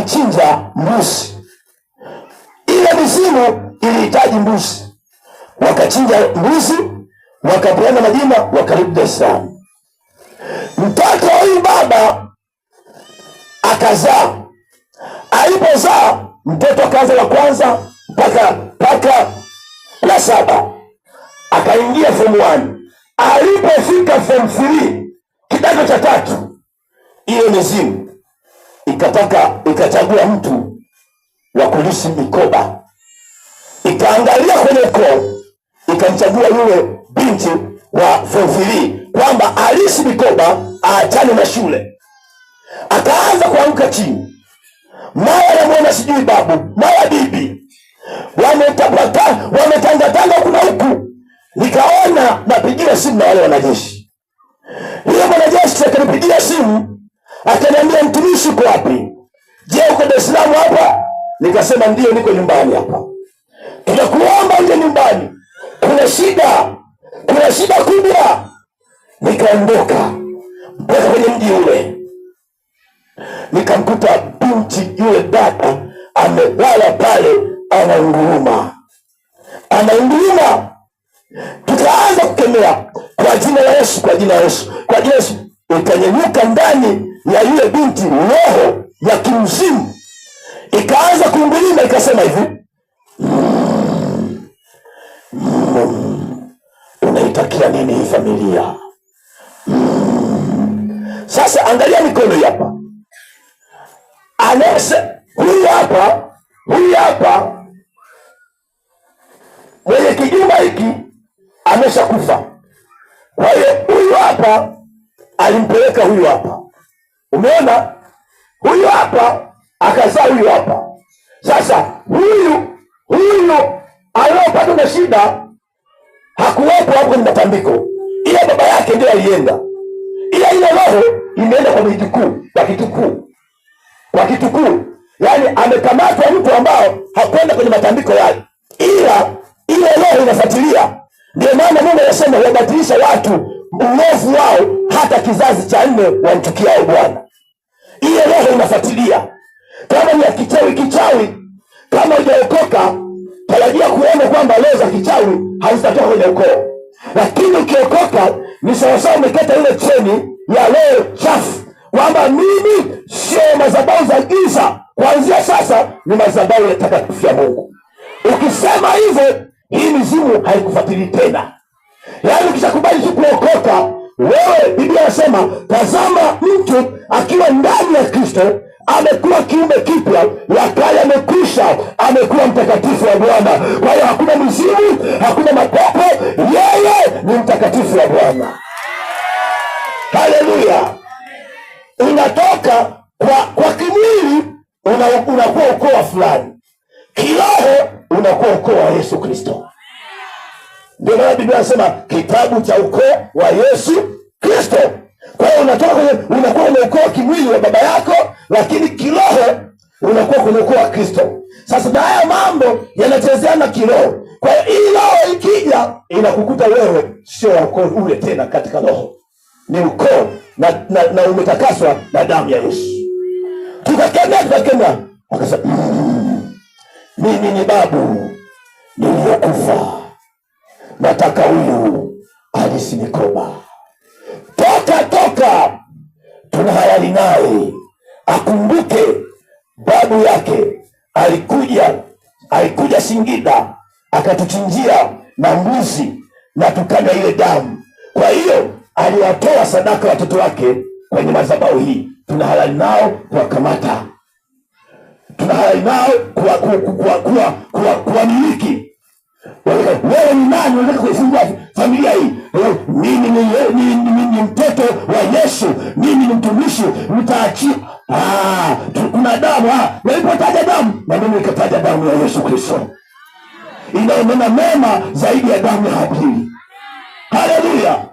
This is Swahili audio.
alichinja mbuzi. Ile mizimu ilihitaji mbuzi, wakachinja mbuzi, wakapeana majina, wakaribu Dar es Salaam. Mtoto wa huyu baba akazaa, alipozaa mtoto akaanza la kwanza mpaka mpaka la saba, akaingia fomu 1 alipofika fomu 3 kidato cha tatu, ile mizimu ikataka ikachagua mtu wa kulisi mikoba, ikaangalia kwenye ukoo, ikamchagua yule binti wa fofili kwamba alisi mikoba, aachane na shule. Akaanza kuanguka chini, mara namwona sijui babu, mara bibi, wametangatanga kuna na huku. Nikaona napigiwa simu na wale wanajeshi, yule mwanajeshi akanipigia simu akaniambia, mtumishi kwa Nikasema ndiyo, niko nyumbani hapa, tunakuomba nje nyumbani, kuna shida, kuna shida kubwa. Nikaondoka mpaka kwenye mji ule, nikamkuta binti yule dada amelala pale, anaunguruma, anaunguruma. Tukaanza kukemea kwa jina la Yesu, kwa jina la Yesu, kwa jina la Yesu. Ikanyanyuka ndani ya yule binti roho ya kimzimu ikaanza kumbilima ikasema hivi, unaitakia nini hii familia? Sasa angalia mikono hii hapa, anase huyu hapa, huyu hapa mwenye kijumba hiki ameshakufa. Kwa hiyo huyu hapa alimpeleka huyu hapa, umeona huyu hapa akazaa huyu hapa. Sasa huyu huyu aliyopatwa na shida hakuwepo hapo kwenye matambiko, ila baba yake ndio alienda, ila ile roho imeenda kwa mijikuu kwa kitukuu kwa kitukuu, yani amekamatwa mtu ambao hakwenda kwenye matambiko yale, ila ile roho inafuatilia. Ndio maana Mungu anasema huwabatilisha watu uovu wao, hata kizazi cha nne wamchukiao Bwana. Ile roho inafuatilia kama ni ya kichawi kichawi, kama ujaokoka tarajia kuona kwamba leo za kichawi hazitatoka kwenye ukoo, lakini ukiokoka ni sawasawa umeketa ile cheni ya leo chafu, kwamba mimi sio mazabau za giza, kuanzia sasa ni mazabau ya takatifu ya Mungu. Ukisema hivyo, hii mizimu haikufatilii tena. Yaani ukishakubali tu kuokoka wewe, Biblia anasema ndani ya Kristo, amekuwa kiumbe kipya, ya kale amekwisha, amekuwa mtakatifu wa Bwana. Kwa hiyo hakuna mizimu, hakuna mapepo, yeye ni mtakatifu wa Bwana. Haleluya! Unatoka kwa kwa kimwili, unakuwa una ukoa fulani, kiroho unakuwa ukoo wa Yesu Kristo. Ndio maana Biblia anasema kitabu cha ukoo wa Yesu Kristo. Kwa hiyo unatoka kwenye, unakuwa kwenye ukoo wa kimwili wa baba yako, lakini kiroho unakuwa kwenye ukoo wa Kristo. Sasa na haya mambo yanachezeana kiroho. Kwa hiyo hii roho ikija inakukuta wewe sio wa ukoo ule tena, katika roho ni ukoo na, na, na umetakaswa na damu ya Yesu. Tukakemea, tukakemea, wakasema mm, mimi ni babu niliyokufa, nataka huyu alisi mikoba mbali naye, akumbuke babu yake alikuja alikuja Singida akatuchinjia na mbuzi na tukanywa ile damu. Kwa hiyo aliwatoa sadaka watoto wake kwenye madhabahu hii, tuna halali nao kuwakamata, tuna halali nao kuwamiliki. Wewe ni nani unataka kuifungua familia hii? Yesu, mimi ni mtumishi, nitaachia ah, Kuna damu ah, nilipotaja damu, na mimi nikataja damu ya Yesu Kristo inayonena mema zaidi ya damu ya Habili. Haleluya!